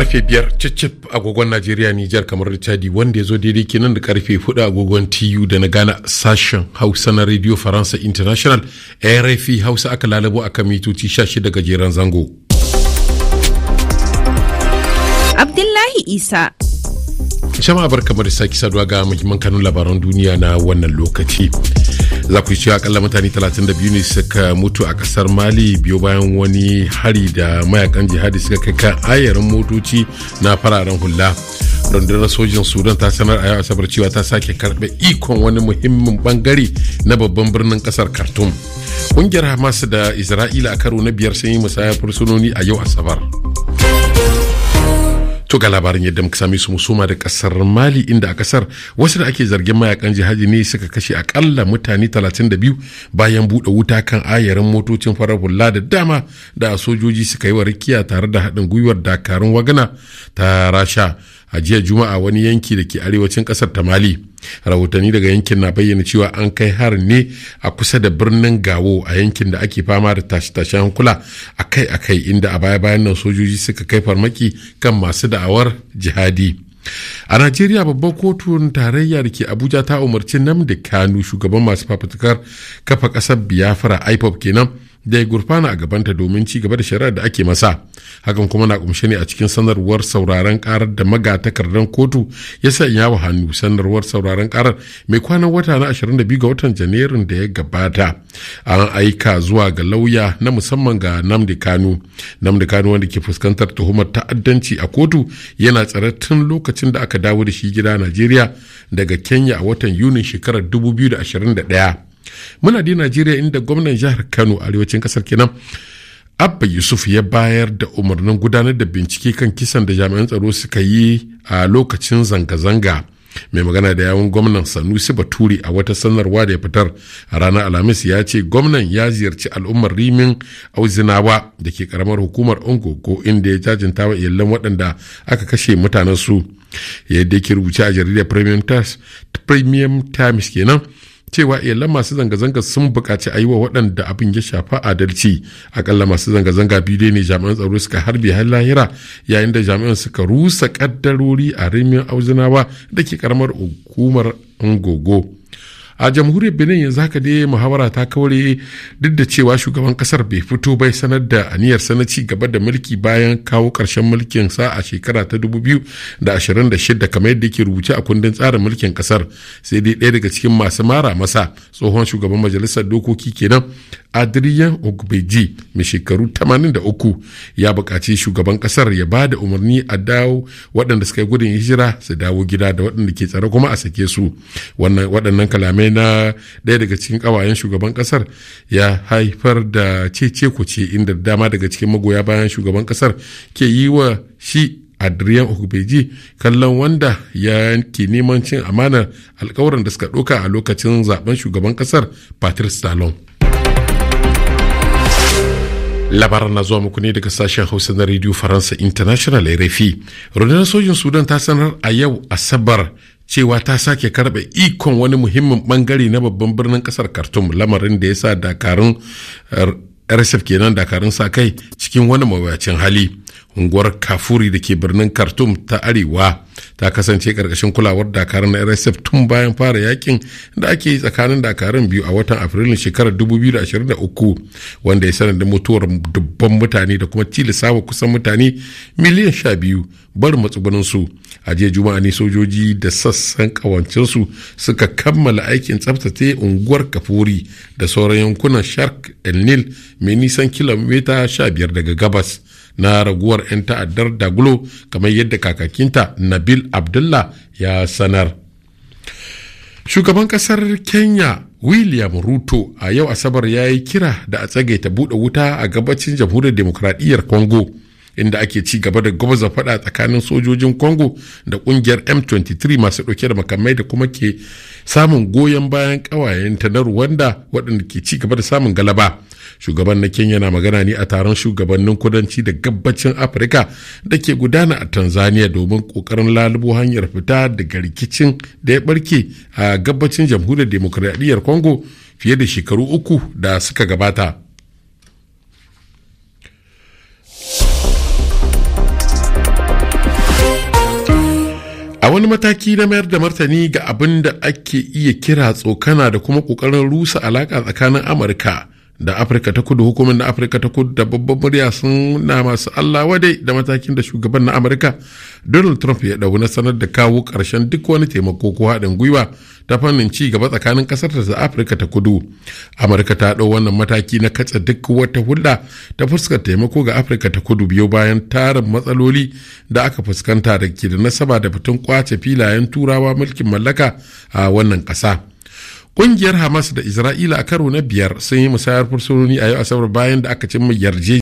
karfe biyar cicip agogon najeriya nijar kamar ritadi wanda ya zo daidai kenan da karfe hudu agogon tu da na gana sashen hausa na radio faransa international rfi hausa aka lalabo kan mitoci 16 gajeren zango abdullahi isa Jama'a barkamu da sake saduwa ga muhimman kanun labaran duniya na wannan lokaci. Za ku cewa akalla mutane 32 ne suka mutu a kasar Mali biyo bayan wani hari da mayakan jihadi suka kai kan ayarin motoci na fararen hula. Rundunar sojin Sudan ta sanar a yau Asabar cewa ta sake karɓe ikon wani muhimmin bangare na babban birnin kasar Khartoum. Ƙungiyar Hamas da Isra'ila a karo na biyar sun yi musayar fursunoni a yau Asabar. To ga labarin yadda muka sami su musuma da kasar Mali inda a kasar wasu da ake zargin mayakan jihadi ne suka kashe akalla mutane 32 bayan buɗe wuta kan ayarin motocin farar hula da dama da sojoji suka yi wa rikiya tare da haɗin gwiwar dakarun wagana ta rasha a jiya juma'a wani yanki da ke arewacin kasar ta mali rahotanni daga yankin na bayyana cewa an kai har ne a kusa da birnin gawo a yankin da ake fama da tashe-tashen hankula a kai inda a baya-bayan nan sojoji suka kai farmaki kan masu da'awar jihadi a najeriya babban kotun tarayya da ke abuja ta umarci namdi kanu shugaban masu fafutukar kafa kasar biafra ipop kenan da ya gurfana a gabanta domin ci gaba da shari'ar da ake masa hakan kuma na kumshe ne a cikin sanarwar sauraron karar da magatakardan kotu ya sanya wa hannu sanarwar sauraron karar mai kwanan wata na 22 ga watan janairun da ya gabata an aika zuwa ga lauya na musamman ga namdi kanu namdi kanu wanda ke fuskantar tuhumar ta'addanci a kotu yana tsare tun lokacin da aka dawo da shi gida najeriya daga kenya a watan yunin shekarar 2021 muna di najeriya inda gwamnan jihar kano arewacin kasar kenan abba yusuf ya bayar da umarnin gudanar da bincike kan kisan da jami'an tsaro suka yi a lokacin zanga-zanga mai magana da yawun gwamnan sanusi baturi a wata sanarwa da ya fitar a ranar alhamis ya ce gwamnan ya ziyarci al'ummar rimin auzinawa da ke karamar hukumar ungogo inda ya jajinta wa iyalan waɗanda aka kashe mutanensu su yadda ke rubuce a jaridar premium times kenan cewa iyalan masu zanga-zanga sun buƙaci a yi wa waɗanda abin ya shafa adalci akalla masu zanga-zanga biyu dai ne jami'an tsaro suka harbe har lahira yayin da jami'an suka rusa ƙaddarori a rimin auzinawa da ke ƙaramar hukumar ngogo a jamhuriyar benin yanzu haka dai muhawara ta kaure duk da cewa shugaban kasar bai fito bai sanar da aniyar sana ci gaba da mulki bayan kawo karshen mulkin sa a shekara ta 2026 kamar yadda yake rubuce a kundin tsarin mulkin kasar sai dai ɗaya daga cikin masu mara masa tsohon shugaban majalisar dokoki kenan adrian ogbeji mai shekaru 83 ya buƙaci shugaban kasar ya ba da umarni a dawo waɗanda suka yi gudun hijira su dawo gida da waɗanda ke tsare kuma a sake su waɗannan kalamai na ɗaya daga cikin ƙawayen shugaban ƙasar ya haifar da cece kuce inda dama daga cikin magoya bayan shugaban ƙasar ke yi wa shi adrian okbeji kallon wanda ya ke neman cin amanar alkawuran da suka ɗoka a lokacin zaben shugaban ƙasar patrice talon labaran na zuwa muku ne daga sashen hausa na radio faransa international rfi rundunar sojin sudan ta sanar a yau asabar cewa ta sake karɓe ikon wani muhimmin bangare na babban birnin kasar khartoum lamarin da ya sa dakarun eh, rsf kenan dakarun sa kai cikin wani mawuyacin hali unguwar kafuri da ke birnin khartoum ta arewa ta kasance karkashin kulawar dakarun na rsf tun bayan fara yakin da ake yi tsakanin dakarun biyu a watan afrilun shekarar 2023 wanda ya sanar da mutuwar dubban mutane da kuma tilasa kusan mutane miliyan 12 barin matsugunan su a jiya juma'a ne sojoji da sassan kawancinsu suka kammala aikin tsaftace unguwar kafuri da sauran yankunan shark el nil mai nisan kilomita 15 daga gabas na raguwar 'yan ta'addar dagulo kamar yadda kakakinta nabil abdullah ya sanar shugaban kasar kenya william ruto a yau asabar ya yi kira da a tsagaita buɗe wuta a gabacin jamhuriyar demokradiyyar congo inda ake ci gaba da gwamza faɗa tsakanin sojojin congo da ƙungiyar m23 masu ɗauke da makamai da kuma ke samun goyon bayan ƙawayenta na rwanda waɗanda ke ci gaba da samun galaba shugaban na kenya na magana ne a taron shugabannin kudanci da gabbacin afirka da ke gudana a tanzania domin kokarin lalubo hanyar fita daga rikicin da ya barke a gabacin jamhuriyar demokradiyyar congo fiye da shekaru uku da suka gabata a wani mataki na mayar da martani ga abin da ake iya kira tsokana da kuma ƙoƙarin rusa alaƙa tsakanin amurka da afirka ta kudu hukumar na afirka ta kudu da babban murya sun na masu allah wadai da matakin da shugaban na amurka donald trump ya ɗau na sanar da kawo karshen duk wani taimako ko haɗin gwiwa ta fannin ci gaba tsakanin ƙasar da afirka ta kudu amurka ta ɗau wannan mataki na katse duk wata hulɗa ta fuskar taimako ga afirka ta kudu biyo bayan tarin matsaloli da aka fuskanta da ke da nasaba da fitin kwace filayen turawa mulkin mallaka a wannan ƙasa. Ƙungiyar Hamas da Isra'ila a karo na biyar sun yi musayar fursunoni a yau Asabar bayan da aka cimma yarje